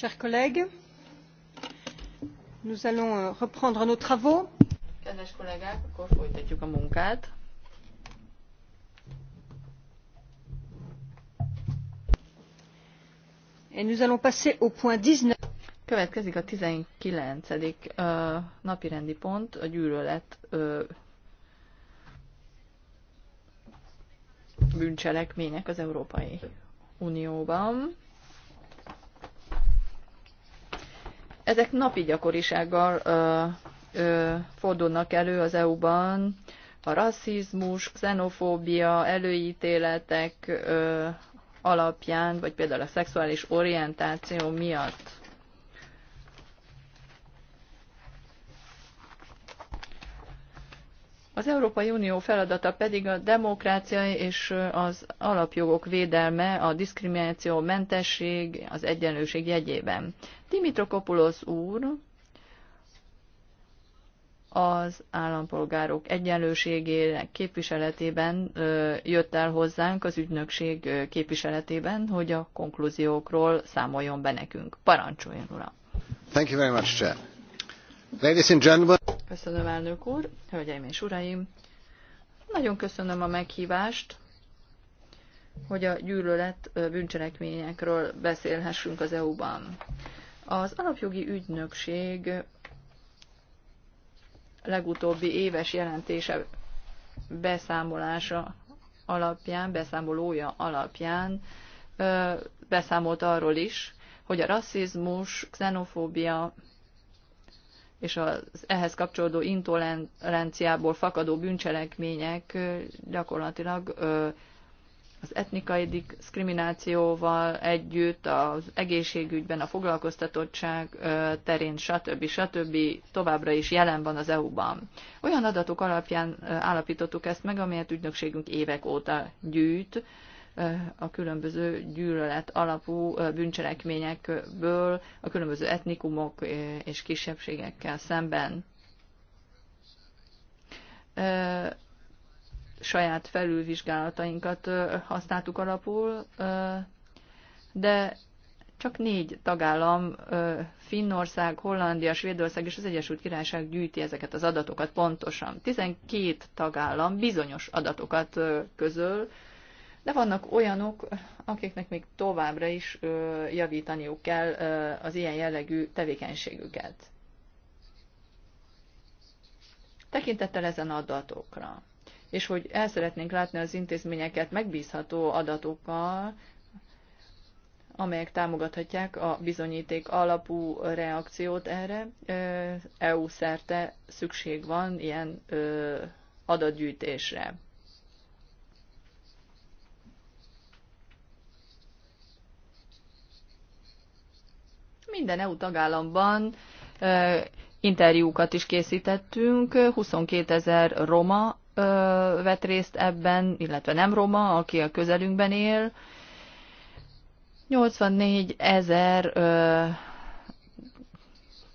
chers collègues nous allons euh, reprendre nos travaux. kedves kollégák akkor folytatjuk a munkát. et nous allons passer au point 19. következik a 19. rendi pont a gyűlölet bűncselekmények az európai unióban. Ezek napi gyakorisággal ö, ö, fordulnak elő az EU-ban. A rasszizmus, xenofóbia, előítéletek ö, alapján, vagy például a szexuális orientáció miatt Az Európai Unió feladata pedig a demokrácia és az alapjogok védelme, a diszkrimináció mentesség, az egyenlőség jegyében. Dimitrokopulos úr az állampolgárok egyenlőségének képviseletében jött el hozzánk az ügynökség képviseletében, hogy a konklúziókról számoljon be nekünk. Parancsoljon, uram! Thank you very much, Chair. Ladies and gentlemen, Köszönöm, elnök úr, hölgyeim és uraim. Nagyon köszönöm a meghívást, hogy a gyűlölet bűncselekményekről beszélhessünk az EU-ban. Az alapjogi ügynökség legutóbbi éves jelentése beszámolása alapján, beszámolója alapján beszámolt arról is, hogy a rasszizmus, xenofóbia, és az ehhez kapcsolódó intoleranciából fakadó bűncselekmények gyakorlatilag az etnikai diszkriminációval együtt, az egészségügyben, a foglalkoztatottság terén, stb. stb. továbbra is jelen van az EU-ban. Olyan adatok alapján állapítottuk ezt meg, amelyet ügynökségünk évek óta gyűjt, a különböző gyűlölet alapú bűncselekményekből a különböző etnikumok és kisebbségekkel szemben. Saját felülvizsgálatainkat használtuk alapul, de csak négy tagállam, Finnország, Hollandia, Svédország és az Egyesült Királyság gyűjti ezeket az adatokat pontosan. 12 tagállam bizonyos adatokat közöl, de vannak olyanok, akiknek még továbbra is javítaniuk kell az ilyen jellegű tevékenységüket. Tekintettel ezen adatokra, és hogy el szeretnénk látni az intézményeket megbízható adatokkal, amelyek támogathatják a bizonyíték alapú reakciót erre. EU szerte szükség van ilyen adatgyűjtésre. minden EU tagállamban interjúkat is készítettünk, 22 ezer roma vett részt ebben, illetve nem roma, aki a közelünkben él, 84 ezer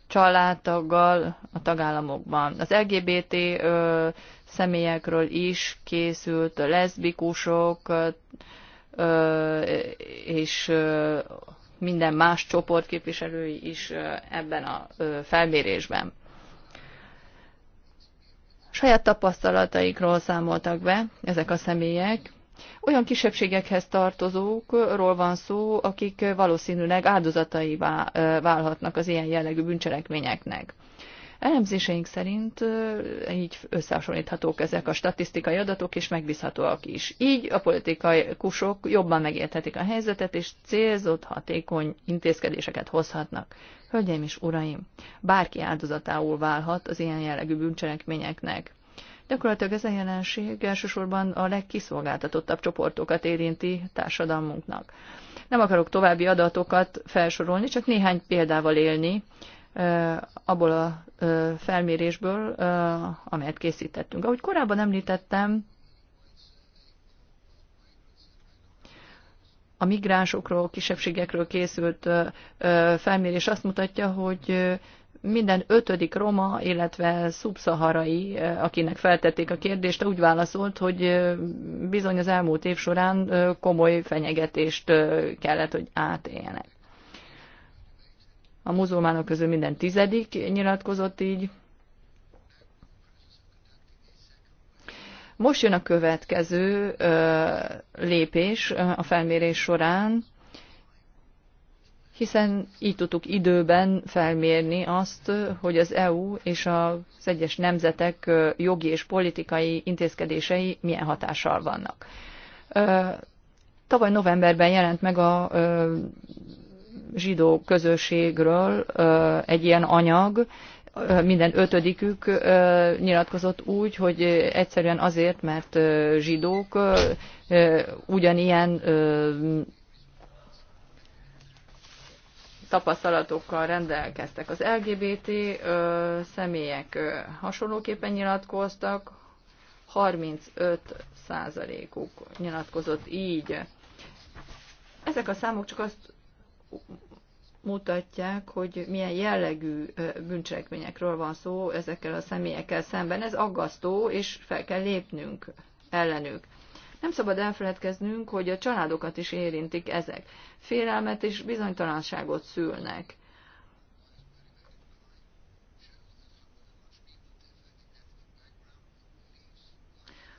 családtaggal a tagállamokban. Az LGBT ö, személyekről is készült leszbikusok ö, és ö, minden más csoport képviselői is ebben a felmérésben. Saját tapasztalataikról számoltak be ezek a személyek. Olyan kisebbségekhez tartozókról van szó, akik valószínűleg áldozataivá válhatnak az ilyen jellegű bűncselekményeknek. Elemzéseink szerint így összehasonlíthatók ezek a statisztikai adatok, és megbízhatóak is. Így a politikai kusok jobban megérthetik a helyzetet, és célzott, hatékony intézkedéseket hozhatnak. Hölgyeim és uraim, bárki áldozatául válhat az ilyen jellegű bűncselekményeknek. Gyakorlatilag ez a jelenség elsősorban a legkiszolgáltatottabb csoportokat érinti társadalmunknak. Nem akarok további adatokat felsorolni, csak néhány példával élni, abból a felmérésből, amelyet készítettünk. Ahogy korábban említettem, a migránsokról, kisebbségekről készült felmérés azt mutatja, hogy minden ötödik roma, illetve szubszaharai, akinek feltették a kérdést, úgy válaszolt, hogy bizony az elmúlt év során komoly fenyegetést kellett, hogy átéljenek. A muzulmánok közül minden tizedik nyilatkozott így. Most jön a következő ö, lépés a felmérés során, hiszen így tudtuk időben felmérni azt, hogy az EU és az egyes nemzetek jogi és politikai intézkedései milyen hatással vannak. Tavaly novemberben jelent meg a zsidó közösségről egy ilyen anyag, minden ötödikük nyilatkozott úgy, hogy egyszerűen azért, mert zsidók ugyanilyen tapasztalatokkal rendelkeztek. Az LGBT személyek hasonlóképpen nyilatkoztak, 35 százalékuk nyilatkozott így. Ezek a számok csak azt mutatják, hogy milyen jellegű bűncselekményekről van szó ezekkel a személyekkel szemben. Ez aggasztó, és fel kell lépnünk ellenük. Nem szabad elfeledkeznünk, hogy a családokat is érintik ezek. Félelmet és bizonytalanságot szülnek.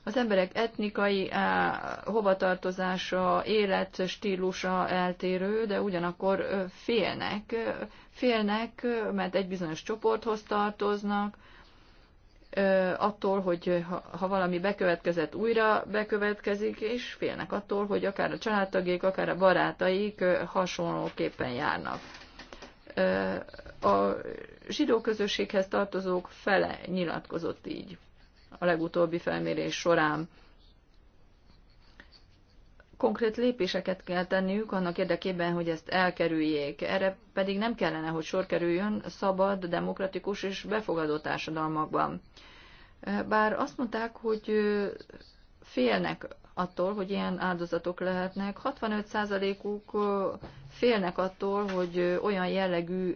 Az emberek etnikai eh, hovatartozása, életstílusa eltérő, de ugyanakkor eh, félnek. Félnek, eh, mert egy bizonyos csoporthoz tartoznak, attól, hogy ha valami bekövetkezett, újra bekövetkezik, és félnek attól, hogy akár a családtagék, akár a barátaik hasonlóképpen járnak. A zsidó közösséghez tartozók fele nyilatkozott így a legutóbbi felmérés során. Konkrét lépéseket kell tenniük annak érdekében, hogy ezt elkerüljék. Erre pedig nem kellene, hogy sor kerüljön szabad, demokratikus és befogadó társadalmakban. Bár azt mondták, hogy félnek attól, hogy ilyen áldozatok lehetnek. 65%-uk félnek attól, hogy olyan jellegű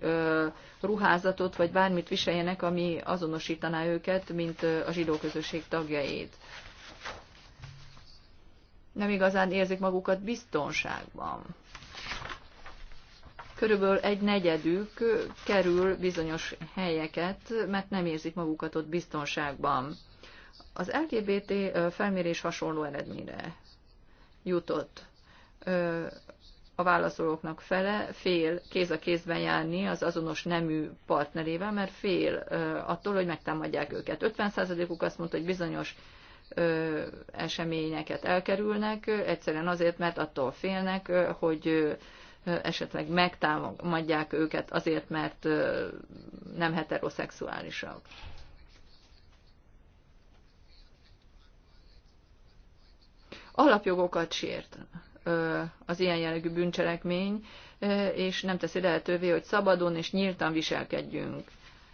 ruházatot vagy bármit viseljenek, ami azonosítaná őket, mint a zsidó közösség tagjait. Nem igazán érzik magukat biztonságban. Körülbelül egy negyedük kerül bizonyos helyeket, mert nem érzik magukat ott biztonságban az LGBT felmérés hasonló eredményre jutott. A válaszolóknak fele fél kéz a kézben járni az azonos nemű partnerével, mert fél attól, hogy megtámadják őket. 50%-uk azt mondta, hogy bizonyos eseményeket elkerülnek, egyszerűen azért, mert attól félnek, hogy esetleg megtámadják őket azért, mert nem heteroszexuálisak. alapjogokat sért az ilyen jellegű bűncselekmény, és nem teszi lehetővé, hogy szabadon és nyíltan viselkedjünk.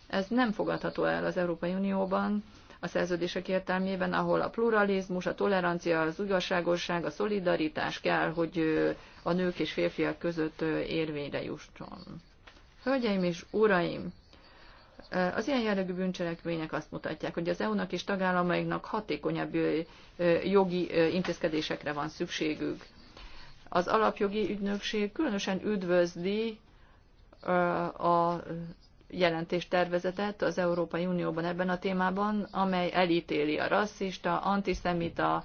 Ez nem fogadható el az Európai Unióban, a szerződések értelmében, ahol a pluralizmus, a tolerancia, az igazságosság, a szolidaritás kell, hogy a nők és férfiak között érvényre jusson. Hölgyeim és uraim, az ilyen jellegű bűncselekmények azt mutatják, hogy az EU-nak és tagállamaiknak hatékonyabb jogi intézkedésekre van szükségük. Az alapjogi ügynökség különösen üdvözli a jelentéstervezetet az Európai Unióban ebben a témában, amely elítéli a rasszista, antiszemita,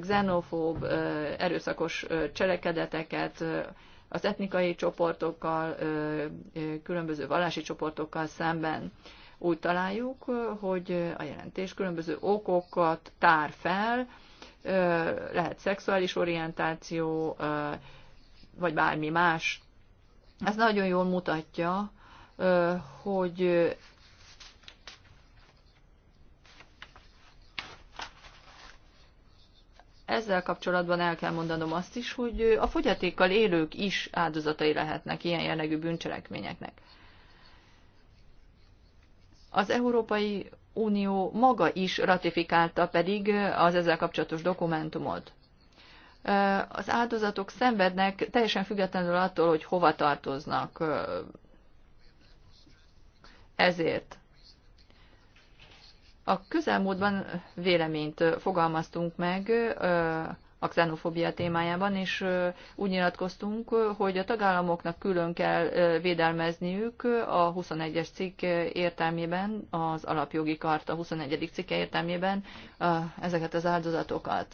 xenofób, erőszakos cselekedeteket, az etnikai csoportokkal, különböző vallási csoportokkal szemben. Úgy találjuk, hogy a jelentés különböző okokat tár fel, lehet szexuális orientáció, vagy bármi más. Ez nagyon jól mutatja, hogy ezzel kapcsolatban el kell mondanom azt is, hogy a fogyatékkal élők is áldozatai lehetnek ilyen jellegű bűncselekményeknek. Az Európai Unió maga is ratifikálta pedig az ezzel kapcsolatos dokumentumot. Az áldozatok szenvednek teljesen függetlenül attól, hogy hova tartoznak. Ezért a közelmúltban véleményt fogalmaztunk meg a xenofóbia témájában, és úgy nyilatkoztunk, hogy a tagállamoknak külön kell védelmezniük a 21-es cikk értelmében, az alapjogi karta 21. cikke értelmében ezeket az áldozatokat.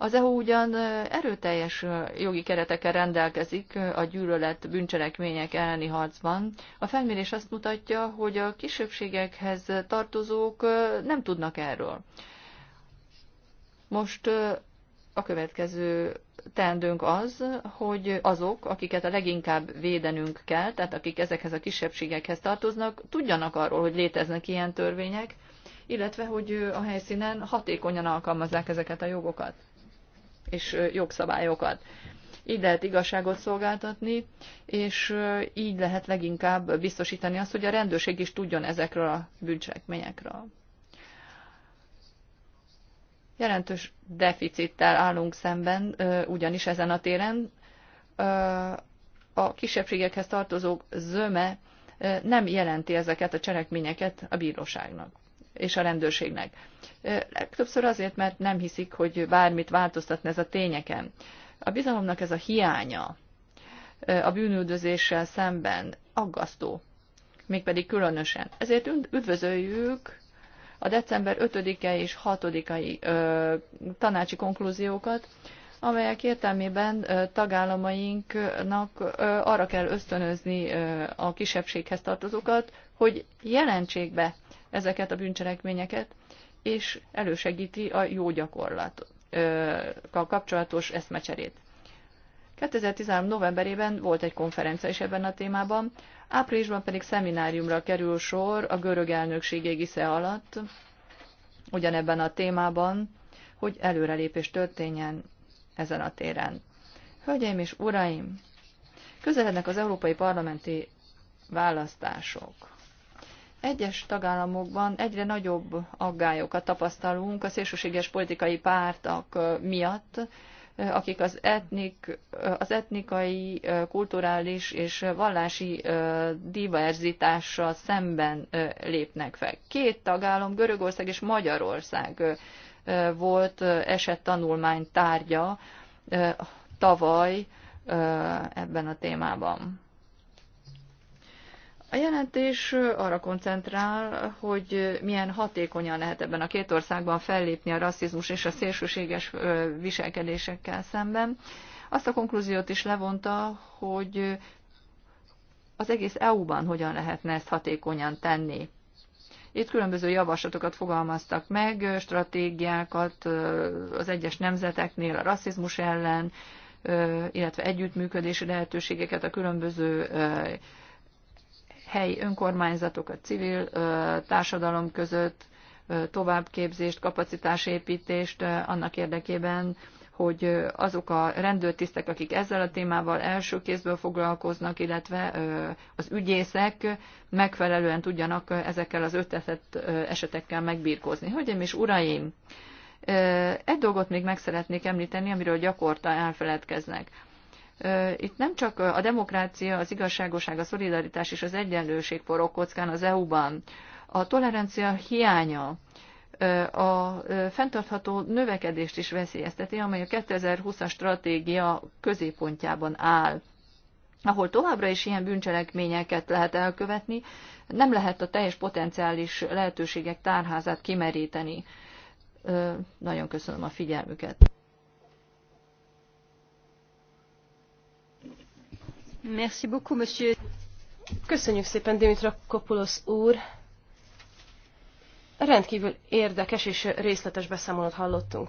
Az EU ugyan erőteljes jogi keretekkel rendelkezik a gyűlölet bűncselekmények elleni harcban. A felmérés azt mutatja, hogy a kisebbségekhez tartozók nem tudnak erről. Most a következő teendőnk az, hogy azok, akiket a leginkább védenünk kell, tehát akik ezekhez a kisebbségekhez tartoznak, tudjanak arról, hogy léteznek ilyen törvények, illetve hogy a helyszínen hatékonyan alkalmazzák ezeket a jogokat és jogszabályokat. Így lehet igazságot szolgáltatni, és így lehet leginkább biztosítani azt, hogy a rendőrség is tudjon ezekről a bűncselekményekről. Jelentős deficittel állunk szemben, ugyanis ezen a téren a kisebbségekhez tartozók zöme nem jelenti ezeket a cselekményeket a bíróságnak és a rendőrségnek. Legtöbbször azért, mert nem hiszik, hogy bármit változtatna ez a tényeken. A bizalomnak ez a hiánya a bűnüldözéssel szemben aggasztó, mégpedig különösen. Ezért üdvözöljük a december 5-e és 6-ai tanácsi konklúziókat, amelyek értelmében tagállamainknak arra kell ösztönözni a kisebbséghez tartozókat, hogy jelentsék be ezeket a bűncselekményeket, és elősegíti a jó gyakorlatokkal kapcsolatos eszmecserét. 2013. novemberében volt egy konferencia is ebben a témában, áprilisban pedig szemináriumra kerül sor a görög elnökség égisze alatt, ugyanebben a témában, hogy előrelépés történjen ezen a téren. Hölgyeim és uraim, közelednek az európai parlamenti választások. Egyes tagállamokban egyre nagyobb aggályokat tapasztalunk a szélsőséges politikai pártak miatt, akik az, etnik, az etnikai, kulturális és vallási diverzitással szemben lépnek fel. Két tagállam, Görögország és Magyarország volt tanulmány tárgya tavaly ebben a témában. A jelentés arra koncentrál, hogy milyen hatékonyan lehet ebben a két országban fellépni a rasszizmus és a szélsőséges viselkedésekkel szemben. Azt a konklúziót is levonta, hogy az egész EU-ban hogyan lehetne ezt hatékonyan tenni. Itt különböző javaslatokat fogalmaztak meg, stratégiákat az egyes nemzeteknél a rasszizmus ellen, illetve együttműködési lehetőségeket a különböző helyi önkormányzatok, a civil társadalom között továbbképzést, kapacitásépítést annak érdekében, hogy azok a rendőrtisztek, akik ezzel a témával első kézből foglalkoznak, illetve az ügyészek megfelelően tudjanak ezekkel az ötletett esetekkel megbírkozni. Hölgyeim és uraim, egy dolgot még meg szeretnék említeni, amiről gyakorta elfeledkeznek. Itt nem csak a demokrácia, az igazságoság, a szolidaritás és az egyenlőség forog kockán az EU-ban. A tolerancia hiánya a fenntartható növekedést is veszélyezteti, amely a 2020-as stratégia középpontjában áll ahol továbbra is ilyen bűncselekményeket lehet elkövetni, nem lehet a teljes potenciális lehetőségek tárházát kimeríteni. Nagyon köszönöm a figyelmüket. Köszönjük szépen, Dimitra Kopulos úr. Rendkívül érdekes és részletes beszámolót hallottunk.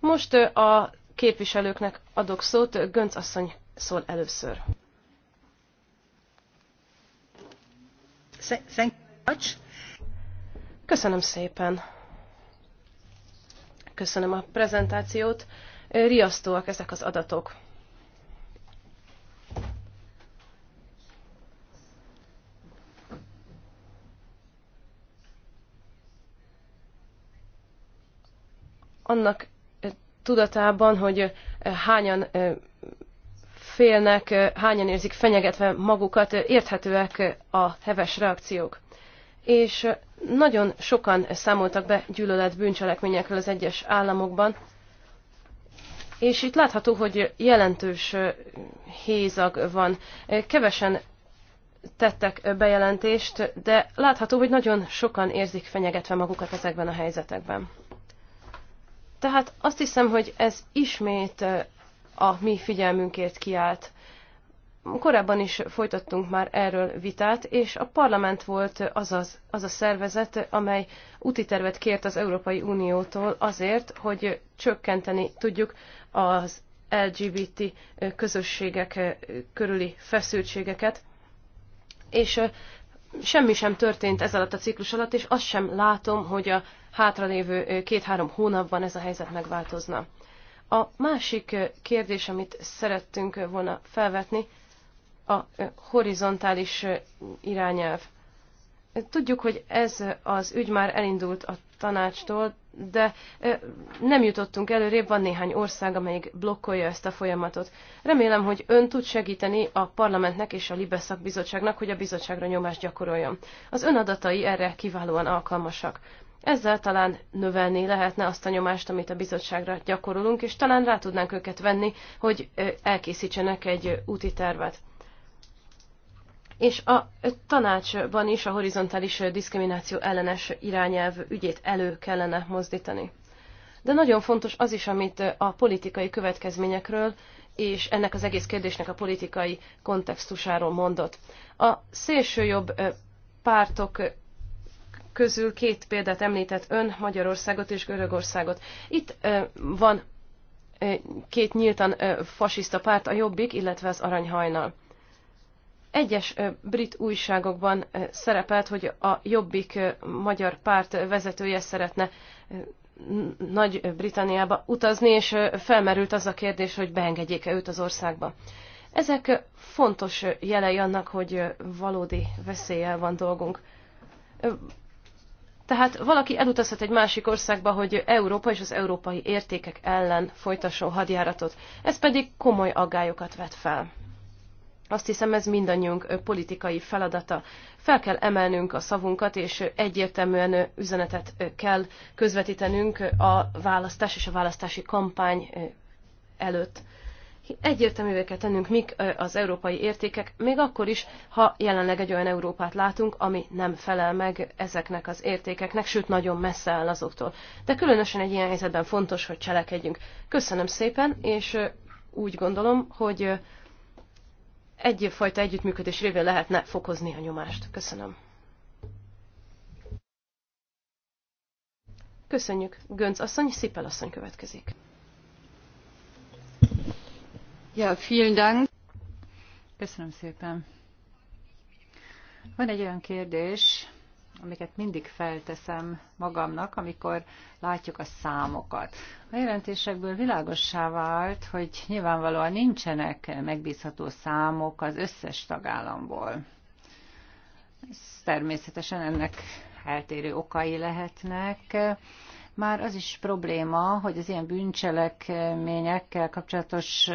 Most a képviselőknek adok szót, Gönc asszony szól először. Köszönöm szépen. Köszönöm a prezentációt. Riasztóak ezek az adatok. annak tudatában, hogy hányan félnek, hányan érzik fenyegetve magukat, érthetőek a heves reakciók. És nagyon sokan számoltak be gyűlölet bűncselekményekről az egyes államokban, és itt látható, hogy jelentős hézag van. Kevesen tettek bejelentést, de látható, hogy nagyon sokan érzik fenyegetve magukat ezekben a helyzetekben. Tehát azt hiszem, hogy ez ismét a mi figyelmünkért kiállt. Korábban is folytattunk már erről vitát, és a parlament volt az, az, az a szervezet, amely úti tervet kért az Európai Uniótól azért, hogy csökkenteni tudjuk az LGBT közösségek körüli feszültségeket, és semmi sem történt ez alatt a ciklus alatt, és azt sem látom, hogy a hátralévő két-három hónapban ez a helyzet megváltozna. A másik kérdés, amit szerettünk volna felvetni, a horizontális irányelv. Tudjuk, hogy ez az ügy már elindult a tanácstól, de nem jutottunk előrébb, van néhány ország, amelyik blokkolja ezt a folyamatot. Remélem, hogy ön tud segíteni a parlamentnek és a libeszak bizottságnak, hogy a bizottságra nyomást gyakoroljon. Az ön adatai erre kiválóan alkalmasak. Ezzel talán növelni lehetne azt a nyomást, amit a bizottságra gyakorolunk, és talán rá tudnánk őket venni, hogy elkészítsenek egy úti tervet és a tanácsban is a horizontális diszkrimináció ellenes irányelv ügyét elő kellene mozdítani. De nagyon fontos az is, amit a politikai következményekről és ennek az egész kérdésnek a politikai kontextusáról mondott. A szélsőjobb pártok közül két példát említett ön, Magyarországot és Görögországot. Itt van két nyíltan fasiszta párt, a Jobbik, illetve az Aranyhajnal. Egyes brit újságokban szerepelt, hogy a jobbik magyar párt vezetője szeretne Nagy-Britanniába utazni, és felmerült az a kérdés, hogy beengedjék-e őt az országba. Ezek fontos jelei annak, hogy valódi veszéllyel van dolgunk. Tehát valaki elutazhat egy másik országba, hogy Európa és az európai értékek ellen folytasson hadjáratot. Ez pedig komoly aggályokat vet fel. Azt hiszem ez mindannyiunk politikai feladata. Fel kell emelnünk a szavunkat, és egyértelműen üzenetet kell közvetítenünk a választás és a választási kampány előtt. Egyértelművé kell tennünk, mik az európai értékek, még akkor is, ha jelenleg egy olyan Európát látunk, ami nem felel meg ezeknek az értékeknek, sőt nagyon messze áll azoktól. De különösen egy ilyen helyzetben fontos, hogy cselekedjünk. Köszönöm szépen, és úgy gondolom, hogy egyfajta együttműködés révén lehetne fokozni a nyomást. Köszönöm. Köszönjük. Gönc asszony, Szipel asszony következik. Ja, vielen Dank. Köszönöm szépen. Van egy olyan kérdés, amiket mindig felteszem magamnak, amikor látjuk a számokat. A jelentésekből világossá vált, hogy nyilvánvalóan nincsenek megbízható számok az összes tagállamból. Ez természetesen ennek eltérő okai lehetnek. Már az is probléma, hogy az ilyen bűncselekményekkel kapcsolatos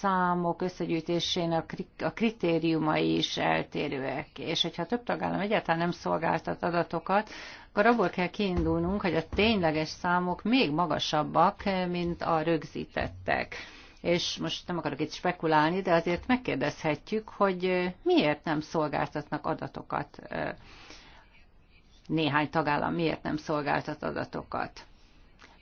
számok összegyűjtésének a kritériumai is eltérőek. És hogyha több tagállam egyáltalán nem szolgáltat adatokat, akkor abból kell kiindulnunk, hogy a tényleges számok még magasabbak, mint a rögzítettek és most nem akarok itt spekulálni, de azért megkérdezhetjük, hogy miért nem szolgáltatnak adatokat néhány tagállam, miért nem szolgáltat adatokat.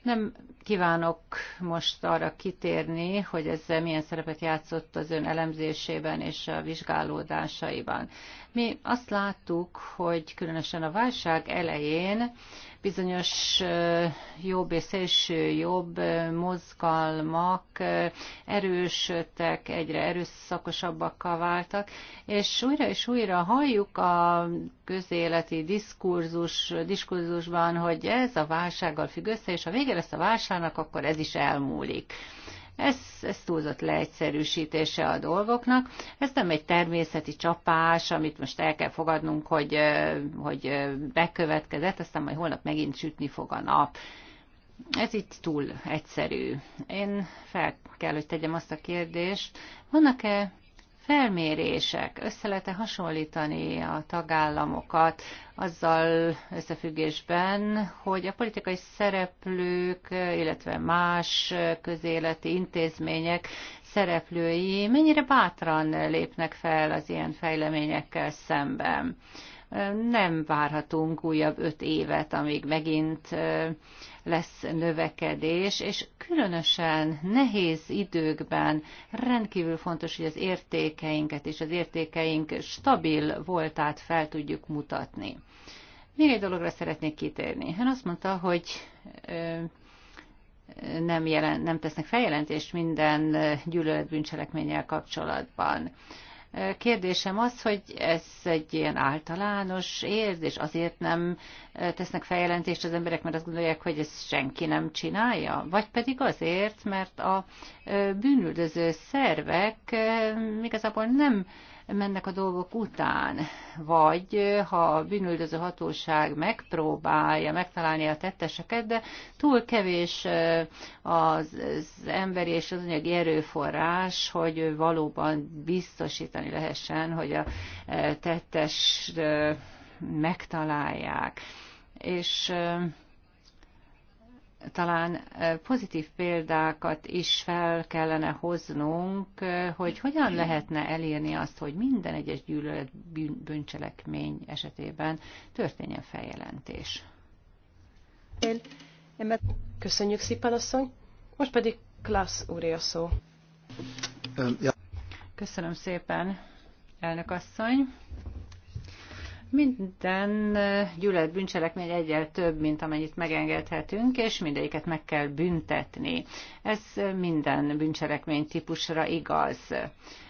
Nem kívánok most arra kitérni, hogy ez milyen szerepet játszott az ön elemzésében és a vizsgálódásaiban. Mi azt láttuk, hogy különösen a válság elején bizonyos jobb és szélső jobb mozgalmak erősödtek, egyre erőszakosabbakká váltak, és újra és újra halljuk a közéleti diskurzus, diskurzusban, hogy ez a válsággal függ össze, és ha vége lesz a válságnak, akkor ez is elmúlik. Ez, ez túlzott leegyszerűsítése a dolgoknak. Ez nem egy természeti csapás, amit most el kell fogadnunk, hogy, hogy bekövetkezett, aztán majd holnap megint sütni fog a nap. Ez itt túl egyszerű. Én fel kell, hogy tegyem azt a kérdést, vannak-e felmérések, össze lehet hasonlítani a tagállamokat azzal összefüggésben, hogy a politikai szereplők, illetve más közéleti intézmények szereplői mennyire bátran lépnek fel az ilyen fejleményekkel szemben nem várhatunk újabb öt évet, amíg megint lesz növekedés, és különösen nehéz időkben rendkívül fontos, hogy az értékeinket és az értékeink stabil voltát fel tudjuk mutatni. Még egy dologra szeretnék kitérni. Hát azt mondta, hogy nem, jelent, nem tesznek feljelentést minden gyűlöletbűncselekménnyel kapcsolatban. Kérdésem az, hogy ez egy ilyen általános érzés, azért nem tesznek feljelentést az emberek, mert azt gondolják, hogy ezt senki nem csinálja, vagy pedig azért, mert a bűnüldöző szervek igazából nem mennek a dolgok után, vagy ha a bűnüldöző hatóság megpróbálja megtalálni a tetteseket, de túl kevés az emberi és az anyagi erőforrás, hogy valóban biztosítani lehessen, hogy a tettes megtalálják. És talán pozitív példákat is fel kellene hoznunk, hogy hogyan lehetne elérni azt, hogy minden egyes gyűlölet bűncselekmény esetében történjen feljelentés. Köszönjük szépen, asszony. Most pedig Klász úré a szó. Köszönöm szépen, elnök asszony. Minden gyűlölet bűncselekmény egyel több, mint amennyit megengedhetünk, és mindegyiket meg kell büntetni. Ez minden bűncselekmény típusra igaz.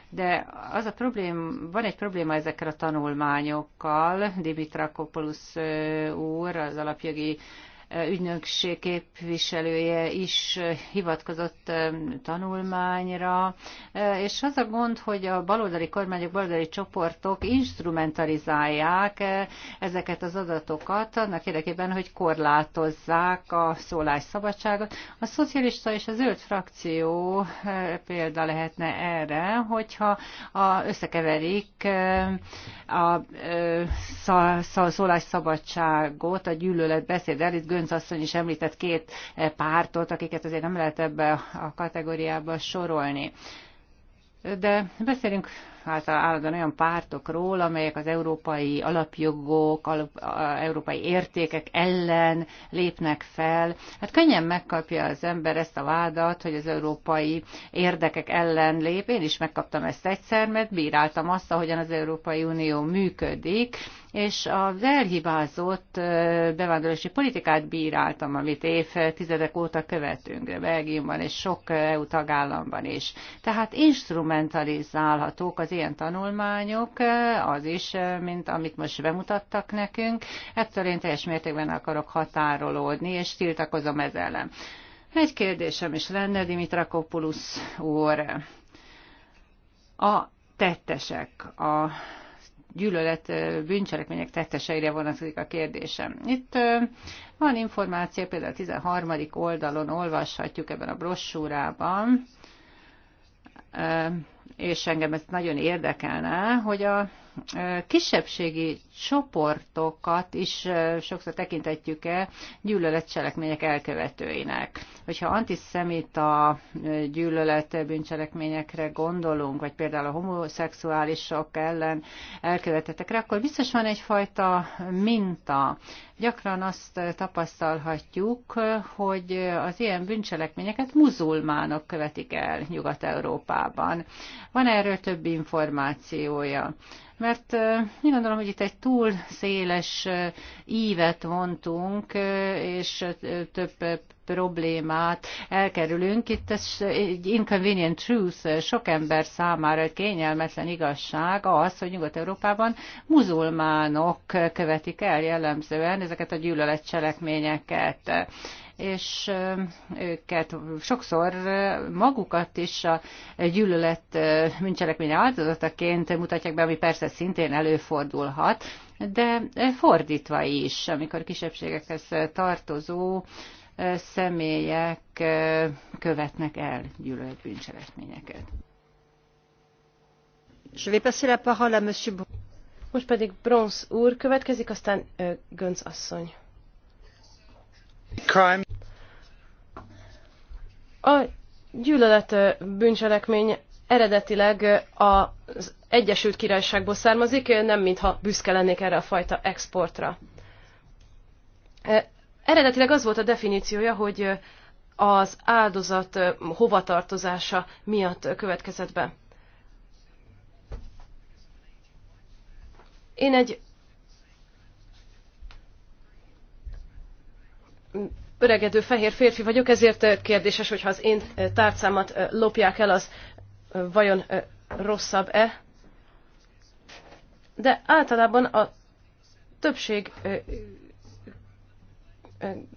De az a problém, van egy probléma ezekkel a tanulmányokkal. Dimitra Kopolusz úr, az alapjogi ügynökség képviselője is hivatkozott tanulmányra, és az a gond, hogy a baloldali kormányok, baloldali csoportok instrumentalizálják ezeket az adatokat annak érdekében, hogy korlátozzák a szólásszabadságot. A szocialista és a zöld frakció példa lehetne erre, hogyha a, összekeverik a, a, a szólásszabadságot a gyűlöletbeszéd elit, Gönc asszony is említett két eh, pártot, akiket azért nem lehet ebbe a kategóriába sorolni. De beszélünk általában olyan pártokról, amelyek az európai alapjogok, alap, európai értékek ellen lépnek fel. Hát könnyen megkapja az ember ezt a vádat, hogy az európai érdekek ellen lép. Én is megkaptam ezt egyszer, mert bíráltam azt, ahogyan az Európai Unió működik, és az elhibázott bevándorlási politikát bíráltam, amit évtizedek óta követünk Belgiumban és sok EU tagállamban is. Tehát instrumentalizálhatók az az ilyen tanulmányok, az is, mint amit most bemutattak nekünk, ettől én teljes mértékben akarok határolódni, és tiltakozom ez ellen. Egy kérdésem is lenne, Dimitrakopoulos úr. A tettesek, a gyűlölet bűncselekmények tetteseire vonatkozik a kérdésem. Itt van információ, például a 13. oldalon olvashatjuk ebben a brossúrában, és engem ez nagyon érdekelne, hogy a kisebbségi csoportokat is sokszor tekintetjük el gyűlöletcselekmények elkövetőinek. Hogyha antiszemita gyűlölet bűncselekményekre gondolunk, vagy például a homoszexuálisok ellen elkövetetekre, akkor biztos van egyfajta minta. Gyakran azt tapasztalhatjuk, hogy az ilyen bűncselekményeket muzulmánok követik el Nyugat-Európában. Van erről több információja mert én gondolom, hogy itt egy túl széles ívet vontunk, és több problémát elkerülünk. Itt ez egy inconvenient truth, sok ember számára egy kényelmetlen igazság az, hogy Nyugat-Európában muzulmánok követik el jellemzően ezeket a gyűlöletcselekményeket és őket sokszor magukat is a gyűlölet bűncselekménye áldozataként mutatják be, ami persze szintén előfordulhat, de fordítva is, amikor kisebbségekhez tartozó személyek követnek el gyűlölet bűncselekményeket. Je vais passer la parole à monsieur most pedig Bronz úr következik, aztán Gönc asszony. Crime gyűlölet bűncselekmény eredetileg az Egyesült Királyságból származik, nem mintha büszke lennék erre a fajta exportra. Eredetileg az volt a definíciója, hogy az áldozat hovatartozása miatt következett be. Én egy öregedő fehér férfi vagyok, ezért kérdéses, hogyha az én tárcámat lopják el, az vajon rosszabb-e. De általában a többség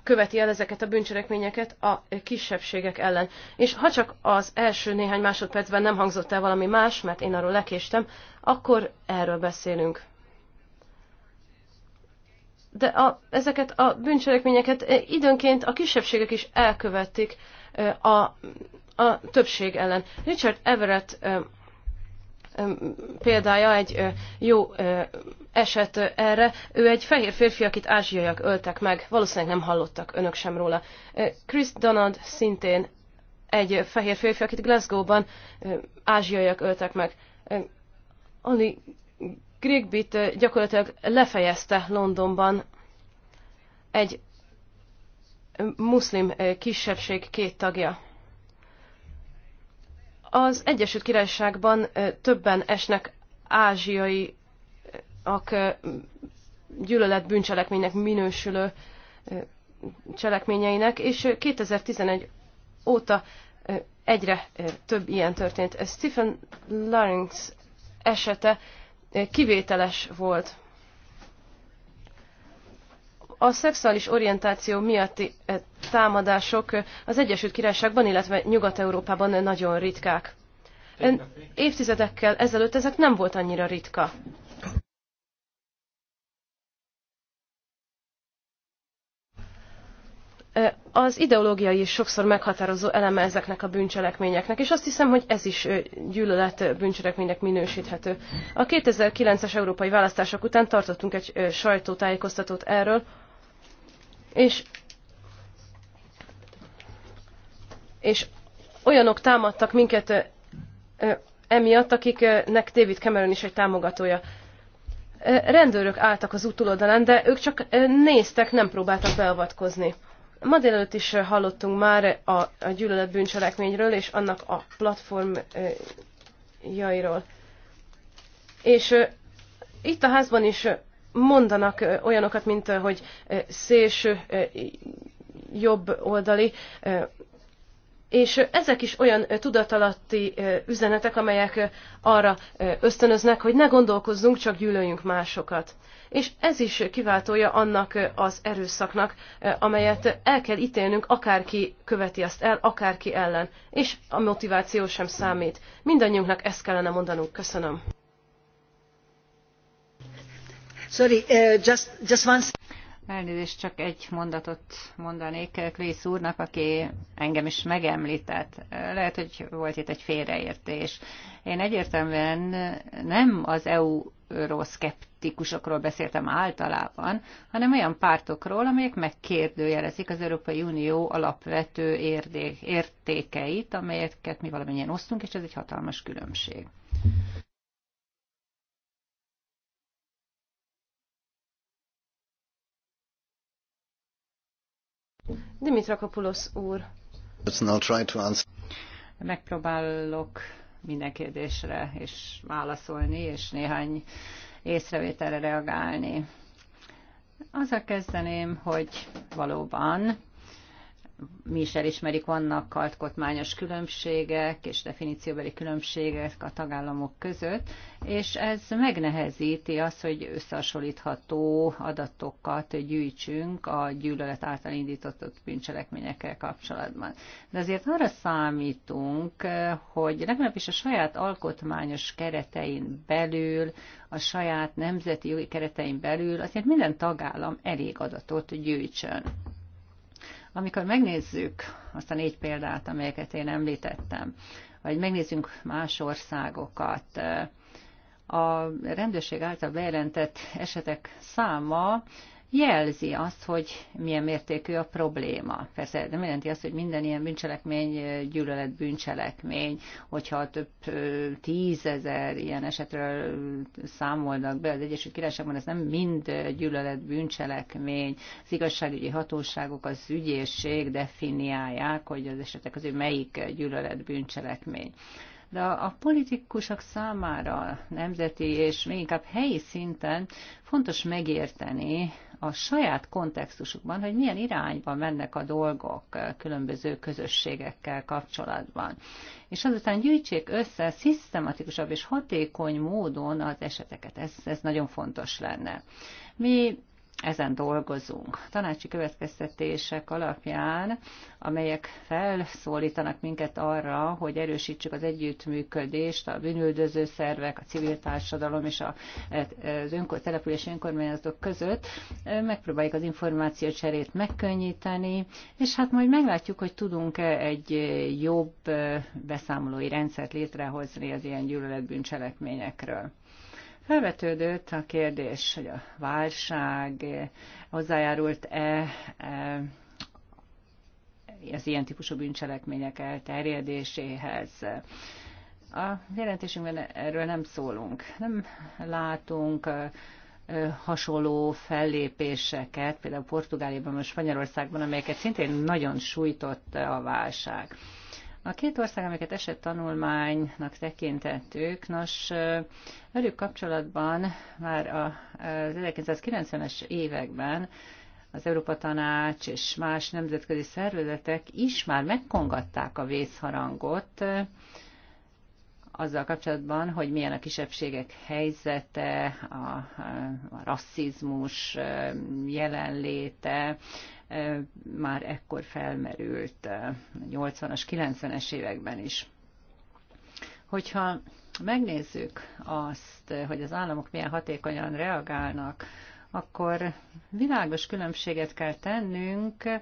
követi el ezeket a bűncselekményeket a kisebbségek ellen. És ha csak az első néhány másodpercben nem hangzott el valami más, mert én arról lekéstem, akkor erről beszélünk de a, ezeket a bűncselekményeket eh, időnként a kisebbségek is elkövetik eh, a, a többség ellen. Richard Everett eh, példája egy jó eset erre. Ő egy fehér férfi, akit ázsiaiak öltek meg. Valószínűleg nem hallottak önök sem róla. Chris Donald szintén egy fehér férfi, akit Glasgow-ban ázsiaiak öltek meg. Only Grigbit eh, gyakorlatilag lefejezte Londonban egy eh, muszlim eh, kisebbség két tagja. Az Egyesült Királyságban többen esnek ázsiaiak gyűlölet bűncselekménynek minősülő cselekményeinek, és 2011 óta egyre több ilyen történt. Stephen Lawrence esete kivételes volt. A szexuális orientáció miatti eh, támadások az Egyesült Királyságban, illetve Nyugat-Európában nagyon ritkák. Évtizedekkel ezelőtt ezek nem volt annyira ritka. az ideológiai is sokszor meghatározó eleme ezeknek a bűncselekményeknek, és azt hiszem, hogy ez is gyűlölet bűncselekménynek minősíthető. A 2009-es európai választások után tartottunk egy sajtótájékoztatót erről, és, és olyanok támadtak minket emiatt, akiknek David Cameron is egy támogatója rendőrök álltak az útulodalán, de ők csak néztek, nem próbáltak beavatkozni. Ma délelőtt is hallottunk már a, a gyűlölet bűncselekményről és annak a platformjairól. És itt a házban is mondanak olyanokat, mint hogy szélső jobb oldali és ezek is olyan tudatalatti üzenetek, amelyek arra ösztönöznek, hogy ne gondolkozzunk, csak gyűlöljünk másokat. És ez is kiváltója annak az erőszaknak, amelyet el kell ítélnünk, akárki követi azt el, akárki ellen. És a motiváció sem számít. Mindannyiunknak ezt kellene mondanunk. Köszönöm. Sorry, uh, just, just once. Elnézést, csak egy mondatot mondanék Klész úrnak, aki engem is megemlített. Lehet, hogy volt itt egy félreértés. Én egyértelműen nem az EU euroszkeptikusokról beszéltem általában, hanem olyan pártokról, amelyek megkérdőjelezik az Európai Unió alapvető értékeit, amelyeket mi valamennyien osztunk, és ez egy hatalmas különbség. Dimitrakopoulos úr. Megpróbálok minden kérdésre és válaszolni, és néhány észrevételre reagálni. Azzal kezdeném, hogy valóban mi is elismerik, vannak alkotmányos különbségek és definícióbeli különbségek a tagállamok között, és ez megnehezíti azt, hogy összehasonlítható adatokat gyűjtsünk a gyűlölet által indított bűncselekményekkel kapcsolatban. De azért arra számítunk, hogy legalábbis a saját alkotmányos keretein belül, a saját nemzeti jogi keretein belül azért minden tagállam elég adatot gyűjtsön. Amikor megnézzük azt a négy példát, amelyeket én említettem, vagy megnézzünk más országokat, a rendőrség által bejelentett esetek száma jelzi azt, hogy milyen mértékű a probléma. Persze nem jelenti azt, hogy minden ilyen bűncselekmény gyűlölet bűncselekmény, hogyha több tízezer ilyen esetről számolnak be az Egyesült Királyságban, ez nem mind gyűlölet bűncselekmény. Az igazságügyi hatóságok, az ügyészség definiálják, hogy az esetek közül melyik gyűlölet bűncselekmény de a politikusok számára nemzeti és még inkább helyi szinten fontos megérteni a saját kontextusukban, hogy milyen irányba mennek a dolgok különböző közösségekkel kapcsolatban. És azután gyűjtsék össze szisztematikusabb és hatékony módon az eseteket. Ez, ez nagyon fontos lenne. Mi ezen dolgozunk. Tanácsi következtetések alapján, amelyek felszólítanak minket arra, hogy erősítsük az együttműködést a bűnüldöző szervek, a civil társadalom és az önkor, település önkormányzatok között, megpróbáljuk az információcserét megkönnyíteni, és hát majd meglátjuk, hogy tudunk-e egy jobb beszámolói rendszert létrehozni az ilyen gyűlöletbűncselekményekről. Felvetődött a kérdés, hogy a válság hozzájárult-e e, az ilyen típusú bűncselekmények elterjedéséhez. A jelentésünkben erről nem szólunk. Nem látunk e, e, hasonló fellépéseket, például Portugáliában, vagy Spanyolországban, amelyeket szintén nagyon sújtott a válság. A két ország, amiket esett tanulmánynak tekintettük, nos, velük kapcsolatban már az 1990-es években az Európa Tanács és más nemzetközi szervezetek is már megkongatták a vészharangot, azzal kapcsolatban, hogy milyen a kisebbségek helyzete, a, a rasszizmus jelenléte már ekkor felmerült 80-as, 90-es években is. Hogyha megnézzük azt, hogy az államok milyen hatékonyan reagálnak, akkor világos különbséget kell tennünk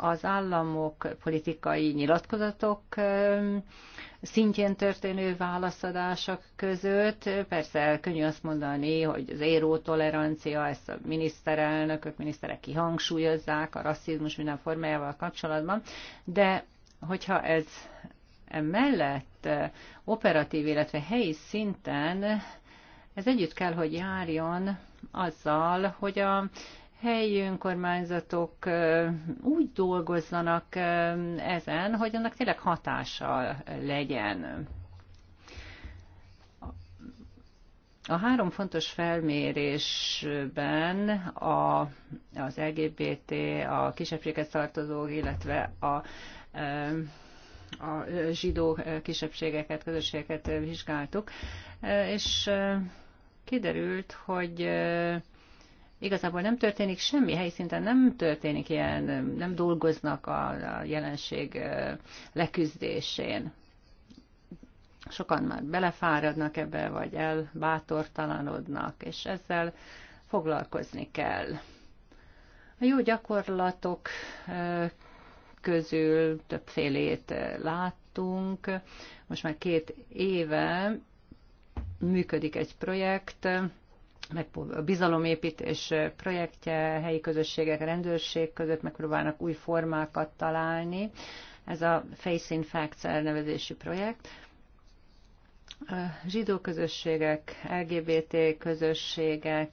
az államok politikai nyilatkozatok szintjén történő válaszadások között. Persze könnyű azt mondani, hogy az éró tolerancia, ezt a miniszterelnökök, miniszterek kihangsúlyozzák a rasszizmus minden formájával kapcsolatban, de hogyha ez mellett operatív, illetve helyi szinten ez együtt kell, hogy járjon azzal, hogy a helyi önkormányzatok úgy dolgozzanak ezen, hogy annak tényleg hatása legyen. A három fontos felmérésben a, az LGBT, a kisebbséget tartozók, illetve a, a zsidó kisebbségeket, közösségeket vizsgáltuk, és kiderült, hogy igazából nem történik semmi, helyszínten nem történik ilyen, nem dolgoznak a, a jelenség leküzdésén. Sokan már belefáradnak ebbe, vagy elbátortalanodnak, és ezzel foglalkozni kell. A jó gyakorlatok közül többfélét láttunk. Most már két éve működik egy projekt, a bizalomépítés projektje, helyi közösségek, rendőrség között megpróbálnak új formákat találni. Ez a Face in Facts elnevezésű projekt. A zsidó közösségek, LGBT közösségek,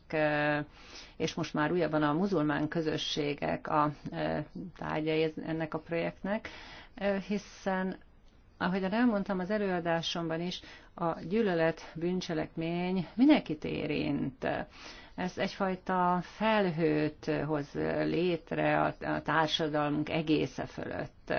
és most már újabban a muzulmán közösségek a tárgyai ennek a projektnek, hiszen ahogyan elmondtam az előadásomban is, a gyűlölet bűncselekmény mindenkit érint. Ez egyfajta felhőt hoz létre a társadalmunk egésze fölött.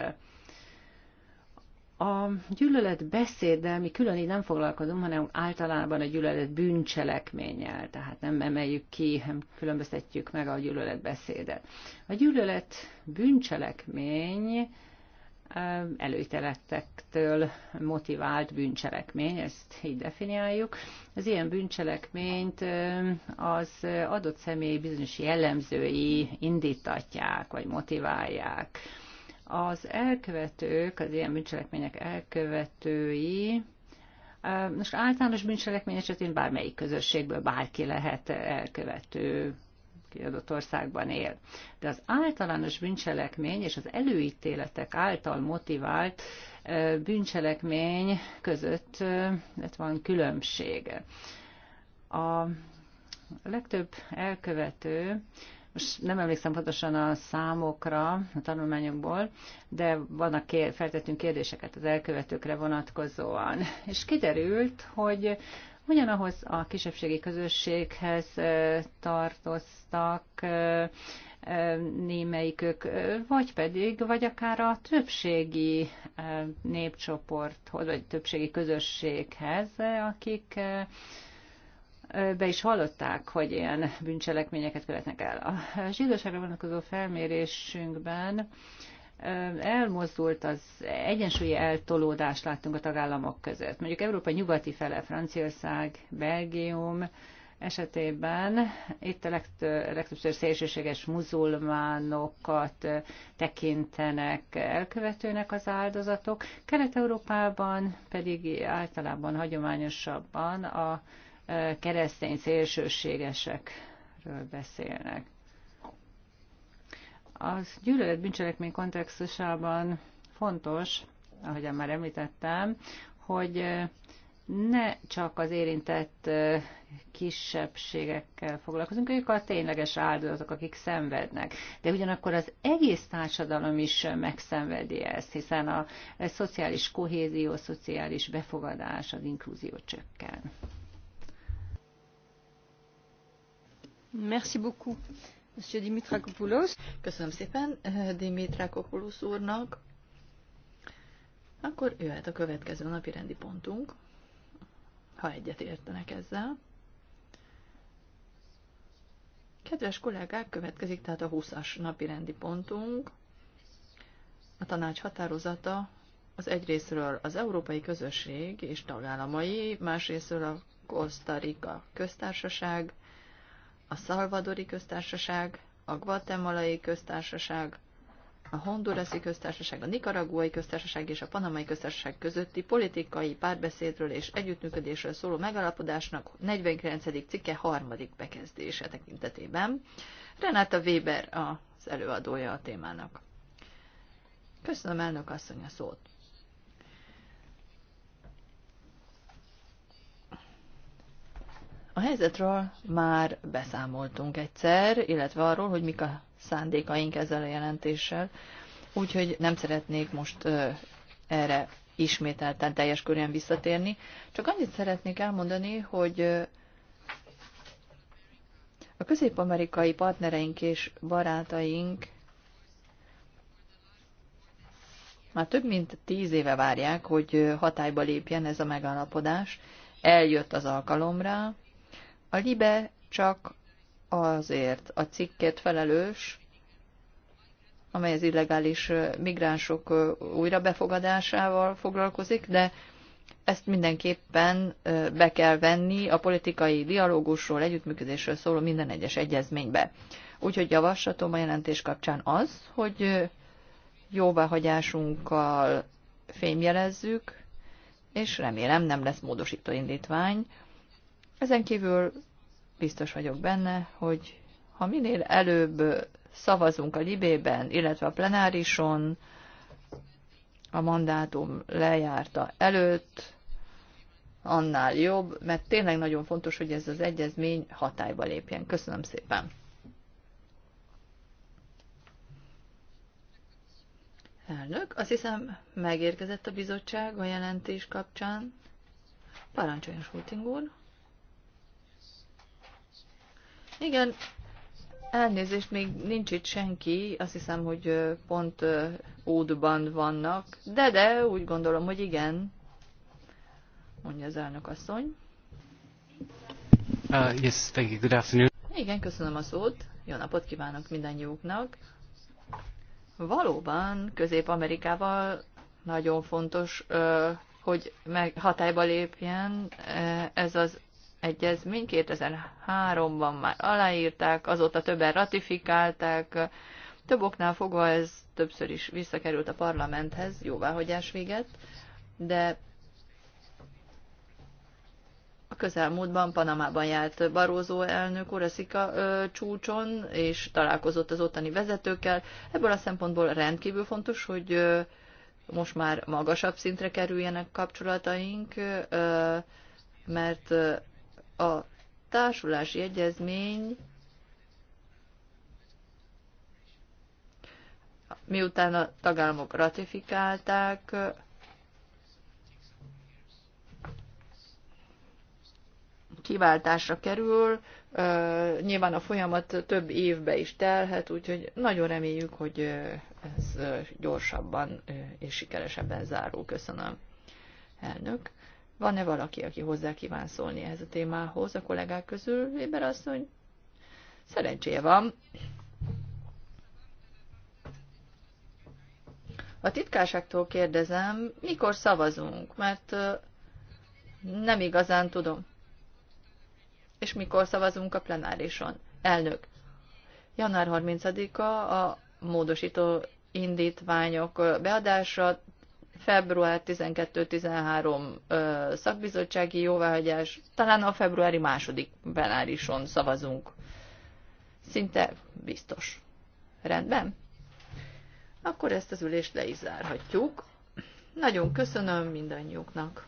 A gyűlölet beszéddel mi külön így nem foglalkozunk, hanem általában a gyűlölet bűncselekménnyel, tehát nem emeljük ki, nem különböztetjük meg a gyűlölet beszédet. A gyűlölet bűncselekmény előítéletektől motivált bűncselekmény, ezt így definiáljuk. Az ilyen bűncselekményt az adott személy bizonyos jellemzői indítatják, vagy motiválják. Az elkövetők, az ilyen bűncselekmények elkövetői most általános bűncselekmény esetén bármelyik közösségből bárki lehet elkövető, aki adott országban él. De az általános bűncselekmény és az előítéletek által motivált bűncselekmény között hát van különbség. A legtöbb elkövető most nem emlékszem pontosan a számokra a tanulmányokból, de vannak kér, feltettünk kérdéseket az elkövetőkre vonatkozóan. És kiderült, hogy ugyanahhoz a kisebbségi közösséghez tartoztak, némelyikük, vagy pedig, vagy akár a többségi népcsoporthoz, vagy többségi közösséghez, akik be is hallották, hogy ilyen bűncselekményeket követnek el. A zsidóságra vonatkozó felmérésünkben elmozdult, az egyensúlyi eltolódást láttunk a tagállamok között. Mondjuk Európa nyugati fele, Franciaország, Belgium esetében itt a legtöbbször szélsőséges muzulmánokat tekintenek elkövetőnek az áldozatok, Kelet-Európában pedig általában hagyományosabban a e, keresztény szélsőségesekről beszélnek. Az gyűlölet bűncselekmény kontextusában fontos, ahogyan már említettem, hogy ne csak az érintett kisebbségekkel foglalkozunk, ők a tényleges áldozatok, akik szenvednek. De ugyanakkor az egész társadalom is megszenvedi ezt, hiszen a szociális kohézió, a szociális befogadás, az inkluzió csökken. Merci beaucoup. Köszönöm szépen eh, Dimitrakopoulos úrnak. Akkor jöhet a következő napi rendi pontunk, ha egyet értenek ezzel. Kedves kollégák, következik tehát a 20-as napi rendi pontunk. A tanács határozata az egyrésztről az Európai Közösség és tagállamai, másrésztről a Costa Rica köztársaság a Szalvadori köztársaság, a Guatemalai köztársaság, a Hondurasi köztársaság, a Nikaraguai köztársaság és a Panamai köztársaság közötti politikai párbeszédről és együttműködésről szóló megalapodásnak 49. cikke harmadik bekezdése tekintetében. Renáta Weber az előadója a témának. Köszönöm elnök asszony a szót. A helyzetről már beszámoltunk egyszer, illetve arról, hogy mik a szándékaink ezzel a jelentéssel, úgyhogy nem szeretnék most erre ismételten teljes körülön visszatérni. Csak annyit szeretnék elmondani, hogy a közép-amerikai partnereink és barátaink már több mint tíz éve várják, hogy hatályba lépjen ez a megállapodás. Eljött az alkalomra, a libe csak azért a cikkét felelős, amely az illegális migránsok újra befogadásával foglalkozik, de ezt mindenképpen be kell venni a politikai dialógusról, együttműködésről szóló minden egyes egyezménybe. Úgyhogy javaslatom a jelentés kapcsán az, hogy jóváhagyásunkkal fémjelezzük, és remélem nem lesz módosító indítvány, ezen kívül biztos vagyok benne, hogy ha minél előbb szavazunk a libében, illetve a plenárison, a mandátum lejárta előtt, annál jobb, mert tényleg nagyon fontos, hogy ez az egyezmény hatályba lépjen. Köszönöm szépen! Elnök, azt hiszem megérkezett a bizottság a jelentés kapcsán. Parancsoljon Schulting úr! Igen, elnézést, még nincs itt senki, azt hiszem, hogy pont ódban vannak, de de, úgy gondolom, hogy igen, mondja az elnök asszony. Uh, yes, thank you. Good afternoon. Igen, köszönöm a szót. Jó napot kívánok mindannyiuknak. Valóban Közép-Amerikával nagyon fontos, hogy meg hatályba lépjen ez az egyezmény, 2003-ban már aláírták, azóta többen ratifikálták, több oknál fogva ez többször is visszakerült a parlamenthez, jóváhagyás véget, de a közelmúltban Panamában járt Barózó elnök úr csúcson, és találkozott az ottani vezetőkkel. Ebből a szempontból rendkívül fontos, hogy ö, most már magasabb szintre kerüljenek kapcsolataink, ö, mert a társulási egyezmény miután a tagállamok ratifikálták, kiváltásra kerül, nyilván a folyamat több évbe is telhet, úgyhogy nagyon reméljük, hogy ez gyorsabban és sikeresebben zárul. Köszönöm, elnök. Van-e valaki, aki hozzá kíván szólni ehhez a témához a kollégák közül? Weber asszony, szerencséje van. A titkárságtól kérdezem, mikor szavazunk, mert nem igazán tudom. És mikor szavazunk a plenárison? Elnök. Január 30-a a módosító indítványok beadása, február 12-13 szakbizottsági jóváhagyás, talán a februári második plenárison szavazunk. Szinte biztos. Rendben? Akkor ezt az ülést le is zárhatjuk. Nagyon köszönöm mindannyiuknak.